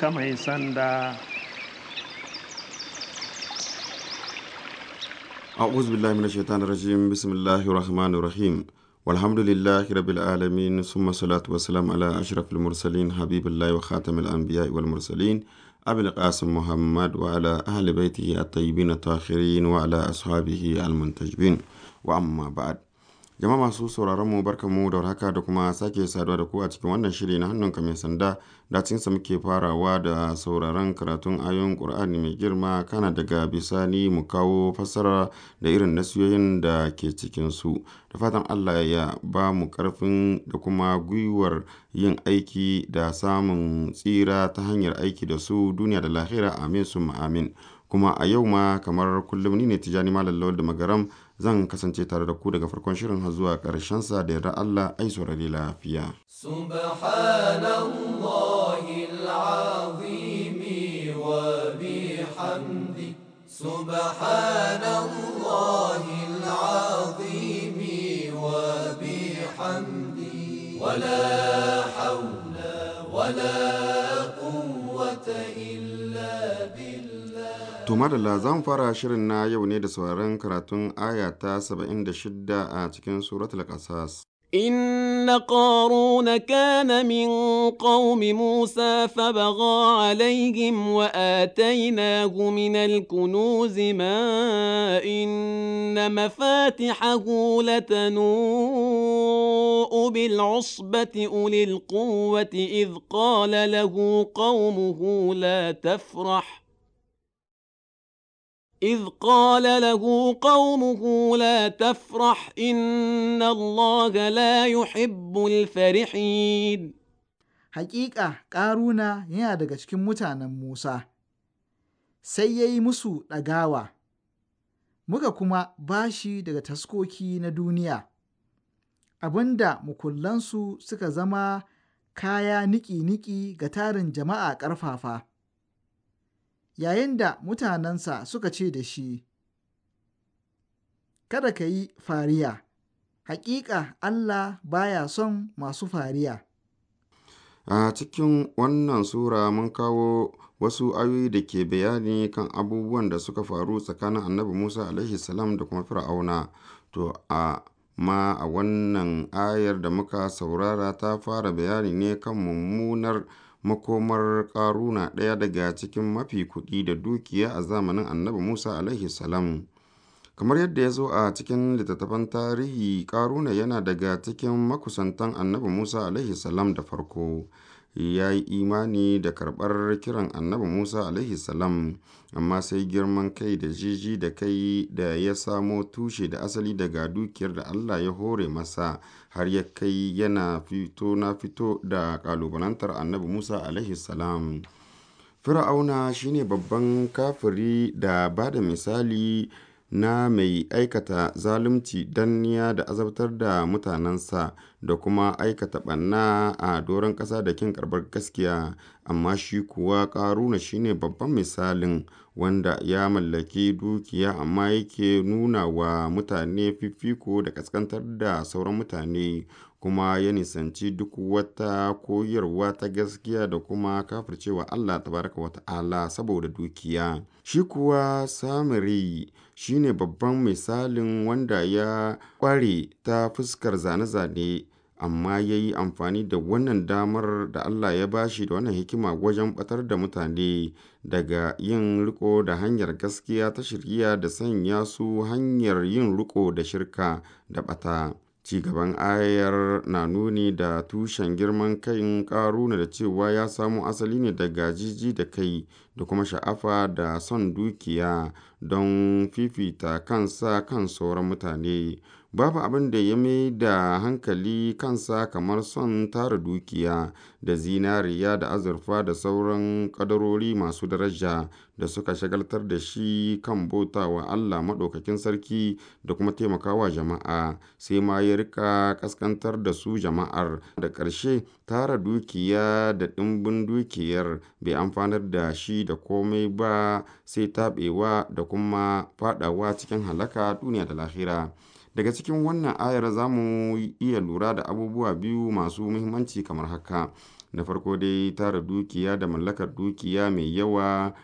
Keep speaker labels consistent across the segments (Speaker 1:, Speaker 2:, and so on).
Speaker 1: ka mai sanda أعوذ بالله من الشيطان الرجيم بسم الله الرحمن الرحيم والحمد لله رب العالمين ثم الصلاة والسلام على أشرف المرسلين حبيب الله وخاتم الأنبياء والمرسلين أبي القاسم محمد وعلى أهل بيته الطيبين الطاهرين وعلى أصحابه المنتجبين وأما بعد Jama'a masu sauraron mu barka mu da warhaka da kuma sake saduwa da ku a cikin wannan shiri na hannun mai sanda da cin sa muke farawa da sauraron karatun ayoyin Qur'ani mai girma kana daga bisani mu kawo fassara da irin nasiyoyin da ke cikin su da fatan Allah ya ba mu karfin da kuma gwiwar yin aiki da samun tsira ta hanyar aiki da su duniya da lahira amin summa amin kuma a yau ma kamar kullum ni ne Tijani Malam Lawal da Magaram zan kasance tare da ku daga farkon shirin har zuwa ƙarshen sa da yarda Allah ai saurari lafiya.
Speaker 2: Subhanallahi al wa bihamdi Subhanallahi wa bihamdi
Speaker 1: To madalla za mu fara shirin na yau ne da sauraron karatun aya ta 76 a cikin suratul Qasas.
Speaker 2: إن قارون كان من قوم موسى فبغى عليهم وآتيناه من الكنوز ما إن مفاتحه لتنوء بالعصبة أولي القوة إذ قال له قومه لا تفرح ۖ إذ قال له قومه لا تفرح إن الله لا
Speaker 3: يحب الفرحين حقيقة قارونا yana daga cikin mutanen Musa sai ya yi musu ɗagawa muka kuma bashi daga taskoki na duniya Abin abinda mukullansu suka zama kaya niki-niki ga tarin jama'a ƙarfafa. yayin da mutanensa suka ce da shi, Kada ka yi fariya, hakika Allah baya son masu fariya.
Speaker 1: A cikin wannan Sura mun kawo wasu ayoyi da ke bayani kan abubuwan da suka faru tsakanin annabi Musa a.s. da kuma Fir'auna. To, a ma a wannan ayar da muka saurara ta fara bayani ne kan mummunar makomar ƙaruna ɗaya daga cikin mafi kuɗi da dukiya a zamanin annabi musa alaihi salam kamar yadda ya zo a cikin littattafan tarihi ƙaruna yana daga cikin makusantan annabi musa alaihi salam da farko ya yi imani da karɓar kiran annabi Musa alaihi amma sai girman kai da jiji da kai da ya samo tushe da asali daga dukiyar da Allah ya hore masa har ya kai yana fito na fito da ƙalubalantar annabi Musa alaihi salam. Fir'auna shine babban kafiri da ba da misali na mai aikata zalunci, danniya da azabtar da mutanensa, da kuma aikata ɓanna a doron ƙasa da ƙin karɓar gaskiya. Amma shi kuwa Ƙaruna shi ne babban misalin, wanda ya mallaki dukiya amma yake nuna wa mutane fifiko da ƙasƙantar da sauran mutane. kuma ya nisanci duk wata koyarwa ta gaskiya da kuma kafircewa Allah tabaraka wa ta'ala saboda dukiya. Shi kuwa samari shi ne babban misalin wanda ya ƙware ta fuskar zane-zane amma ya yi amfani da wannan damar da Allah ya bashi da wannan hikima wajen batar da mutane daga yin riko da hanyar gaskiya ta shirya da sanya su hanyar yin riko da shirka da bata. Ci gaban ayar na nuni da tushen girman karu Ƙaruna da cewa ya samo asali ne daga jiji da kai da kuma sha'afa da son dukiya don fifita kansa kan sauran mutane. babu abin da ya mai da hankali kansa kamar son tara dukiya da zinariya da azurfa da sauran kadarori masu daraja da suka shagaltar da shi kan bautawa Allah Maɗaukakin Sarki da kuma taimakawa jama'a, sai ma ya rika ƙaskantar da su jama'ar. Da ƙarshe, tara dukiya da ɗimbin dukiyar bai amfanar da shi da komai ba sai taɓewa da kuma faɗawa cikin halaka duniya da lahira. Daga cikin wannan ayar za mu iya lura da abubuwa biyu masu muhimmanci kamar haka. Na farko dai tara dukiya da mallakar dukiya mai yawa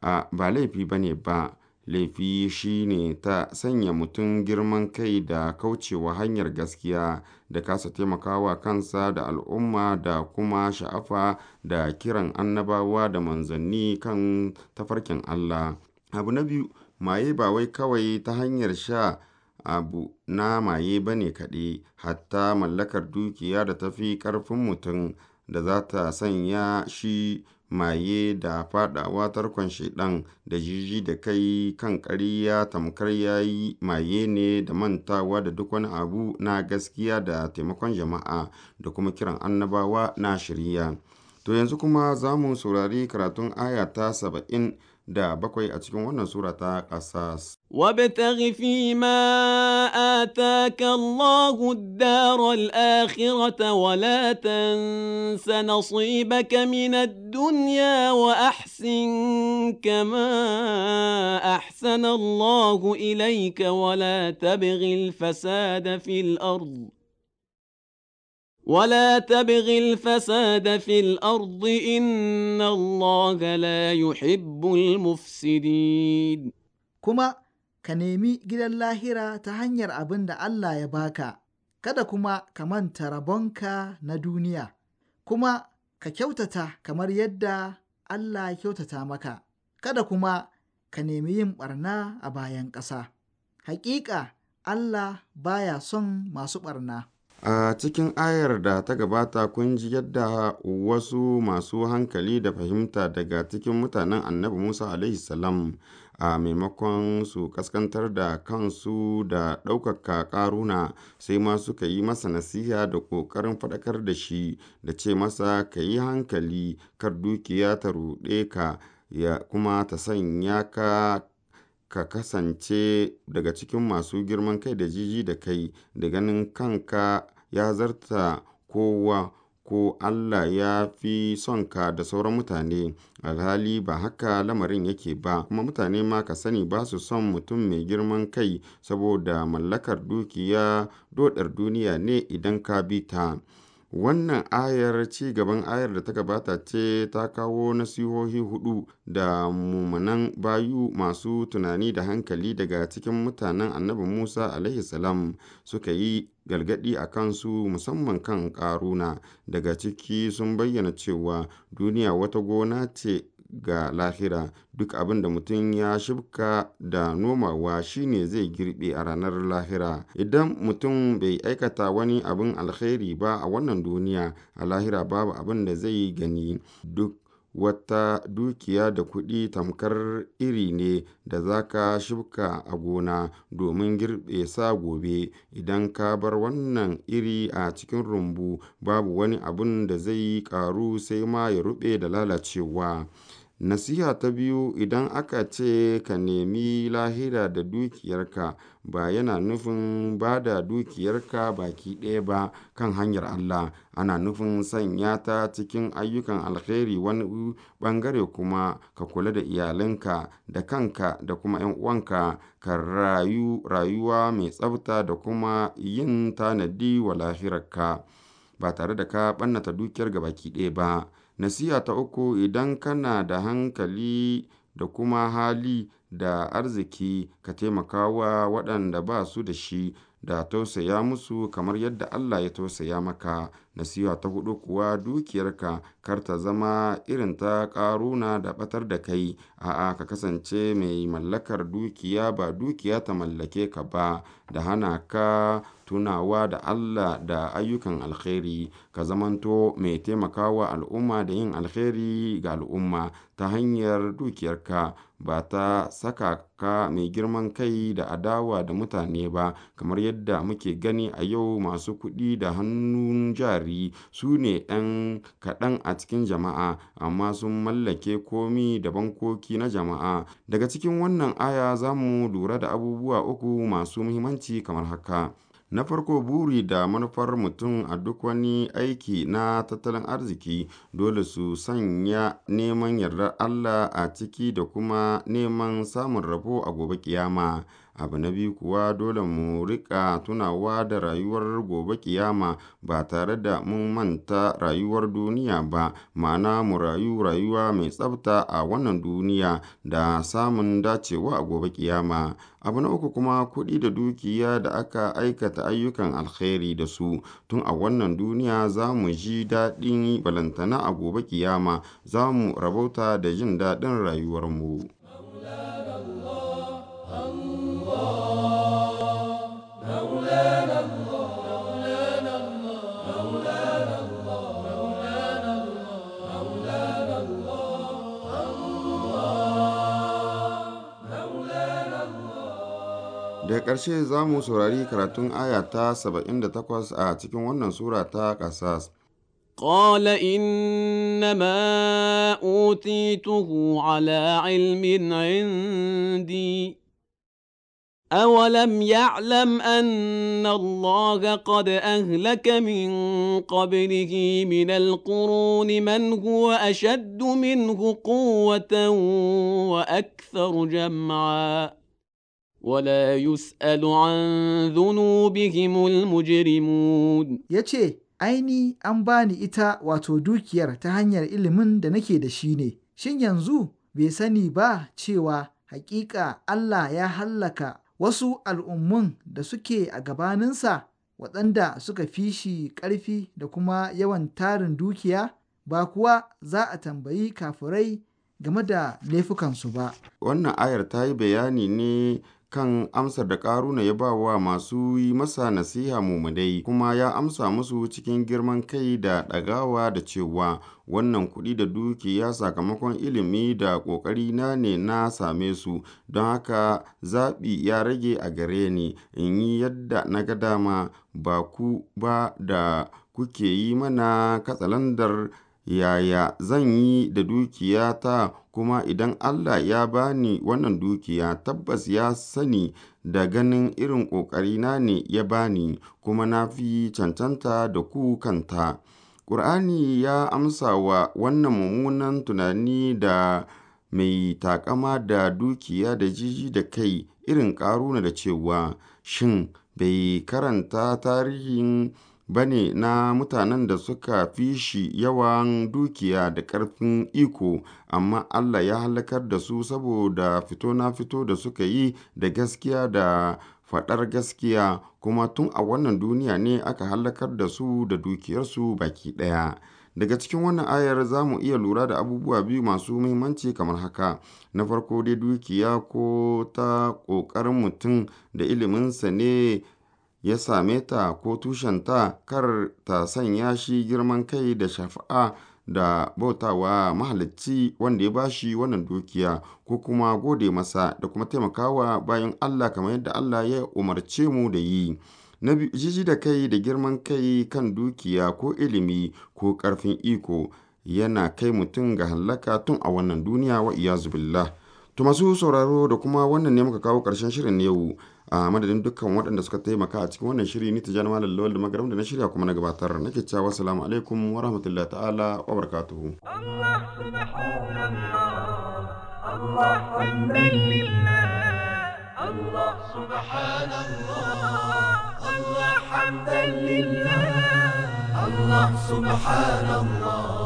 Speaker 1: a ba laifi ba ne ba. Laifi shi ne ta sanya mutum girman kai da kaucewa hanyar gaskiya da kasa taimakawa kansa da al'umma da kuma sha'afa da kiran annabawa da manzanni kan tafarkin Allah. Abu na biyu, maye ba wai kawai ta hanyar sha abu na maye ba ne kaɗai, hatta mallakar dukiya da ta fi ƙarfin mutum, da za ta sanya shi maye da faɗawa tarkon shaiɗan da jiji da kai kan ƙarya tamkar ya yi maye ne da mantawa da duk wani abu na gaskiya da taimakon jama'a da kuma kiran annabawa na shirya To yanzu kuma za mu saurari karatun aya ta saba'in. da bakwai a cikin wannan sura ta ƙasas.
Speaker 2: Wabtaghi fi ma ataka Allahu ad-dar al-akhirata wa la tansa nasibaka min ad-dunya wa ahsin kama ahsana Allahu ilayka wa la tabghi al-fasada fil ardh ولا تبغ الفساد في الارض ان الله لا يحب المفسدين kuma
Speaker 3: ka nemi gidan lahira ta hanyar abin da Allah ya baka kada kuma ka manta rabonka na duniya kuma ka kyautata kamar yadda Allah ya kyautata maka kada kuma ka nemi yin ɓarna a bayan ƙasa hakika Allah baya son masu ɓarna.
Speaker 1: A cikin ayar da ta gabata kun ji yadda wasu masu hankali da fahimta daga cikin mutanen Annabi Musa alaihi salam a maimakon su kaskantar da kansu da ɗaukaka ƙaruna sai ma suka yi masa nasiha da ƙoƙarin faɗakar da shi da ce masa ka yi hankali kar dukiya ta ruɗe ka ya kuma ta sanya ka ka kasance daga cikin masu girman kai da jiji da kai da ganin kanka ya zarta kowa ko Allah ya fi son ka da sauran mutane alhali ba haka lamarin yake ba kuma mutane ma ka sani ba su son mutum mai girman kai saboda mallakar dukiya dodar duniya ne idan ka bi ta Wannan ayar ci gaban ayar da ta gabata ce ta kawo nasihohi hudu da mummunan bayu masu tunani da hankali daga cikin mutanen Annabi Musa alaihi suka yi galgadi a kansu musamman kan ƙaruna. Daga ciki sun bayyana cewa duniya wata gona ce ga lahira duk abin da mutum ya shibka da nomawa shine zai girbe a ranar lahira idan mutum bai aikata wani abin alkhairi ba a wannan duniya a lahira babu abin da zai gani duk wata dukiya da kuɗi tamkar iri ne da za ka shibka a gona domin girbe sa gobe idan ka bar wannan iri a cikin rumbu babu wani abin da zai karu sai ma ya ruɓe da lalacewa Nasiha ta biyu, idan aka ce ka nemi lahira da dukiyarka, ba yana nufin ba da dukiyarka baki ɗaya ba kan hanyar Allah, ana nufin sanya ta cikin ayyukan alheri wani ɓangare kuma ka kula da iyalinka, da kanka da kuma ‘yan uwanka, ka rayu rayuwa mai tsabta da kuma yin tanadi wa lahirarka. ba tare da ka ɓannata dukiyar ga baki ɗaya ba nasiha ta uku idan kana da hankali da kuma hali da arziki ka taimaka wa waɗanda ba su da shi da tausaya musu kamar yadda Allah ya tausaya maka nasiha ta hudu kuwa dukiyarka kar ta zama irin ta karuna da batar da kai a'a ka kasance mai mallakar dukiya ba dukiya ta mallake ka ba da hana ka tunawa da Allah da ayyukan alkhairi ka zamanto mai taimakawa al'umma da yin alkhairi ga al'umma ta hanyar dukiyarka ba ta saka ka mai girman kai da adawa da mutane ba kamar yadda muke gani a yau masu kuɗi da hannun jari su ne ɗan kaɗan a cikin jama'a amma sun mallake komi da bankoki na jama'a daga cikin wannan aya za mu lura da abubuwa uku masu muhimmanci kamar haka Na farko buri da manufar mutum a duk wani aiki na tattalin arziki dole su sanya neman yardar Allah a ciki da kuma neman samun rabo a gobe ƙiyama. Abu na biyu kuwa dole mu rika tunawa da rayuwar gobe ƙiyama ba tare da mun manta rayuwar duniya ba, ma'ana mu rayu rayuwa mai tsabta a wannan duniya da samun dacewa a gobe ƙiyama. Abu na uku kuma kuɗi da dukiya da aka aikata ayyukan alkhairi da su tun a wannan duniya za mu ji daɗin balantana a gobe ƙiyama za mu rabauta da jin daɗin mu. Da ƙarshe za mu saurari karatun aya ta 78 a cikin wannan sura ta ƙasas. قال إنما
Speaker 2: أوتيته على علم عندي أولم يعلم أن الله قد أهلك من قبله من القرون من هو أشد منه قوة وأكثر جمعاً ولا يسأل عن ذنوبهم المجرمون yace
Speaker 3: aini an bani ita wato dukiyar ta hanyar ilimin da nake da shi ne shin yanzu bai sani ba cewa hakika Allah ya hallaka wasu al'ummun da suke a gabaninsa waɗanda suka fi shi ƙarfi da kuma yawan tarin dukiya ba kuwa za a tambayi kafurai game da laifukansu ba.
Speaker 1: Wannan ayar ta yi bayani ne kan amsar da Ƙaruna ya ba wa masu yi masa nasiha mumunai, kuma ya amsa musu cikin girman kai da ɗagawa da cewa, Wannan kuɗi da dukiya sakamakon ilimi da ƙoƙarina ne na same su, don haka zaɓi ya rage a gare ni, in yi yadda na ga dama, ba ku ba da kuke yi mana katsalandar yaya zan yi da dukiyata kuma idan Allah ya bani wannan dukiya tabbas ya sani da ganin irin ƙoƙarina ne ya bani kuma na fi cancanta da ku kanta. Ƙur'ani ya amsa wa wannan mummunan tunani da mai takama da dukiya da jiji da kai irin ƙaruna da cewa shin bai karanta tarihin ba ne na mutanen da suka fi shi yawan dukiya da ƙarfin iko, amma Allah ya halakar da su saboda fito-na-fito da suka yi da gaskiya da faɗar gaskiya, kuma tun a wannan duniya ne aka halakar da su da dukiyarsu baki ɗaya. Daga cikin wannan ayar za mu iya lura da abubuwa biyu masu muhimmanci kamar haka, na farko dai dukiya ko ta ƙoƙarin mutum da iliminsa ne ya same ta ko tushenta kar ta sanya shi girman kai da shafa'a da bautawa mahalicci wanda ya bashi wannan dukiya ko kuma gode masa da kuma taimakawa bayan Allah kamar yadda Allah ya umarce mu da yi. na jiji da kai da girman kai kan dukiya ko ilimi ko karfin iko yana kai mutum ga hallaka tun a wannan duniya wa iyazu billah To masu sauraro da kuma wannan ne muka kawo karshen shirin yau a madadin dukkan waɗanda suka taimaka a cikin wannan shiri ni Tijjani Malam Lawal da Magaram da na shirya kuma na gabatar nake cewa assalamu alaikum wa rahmatullahi ta'ala wa barakatuhu.
Speaker 3: Allah subhanallah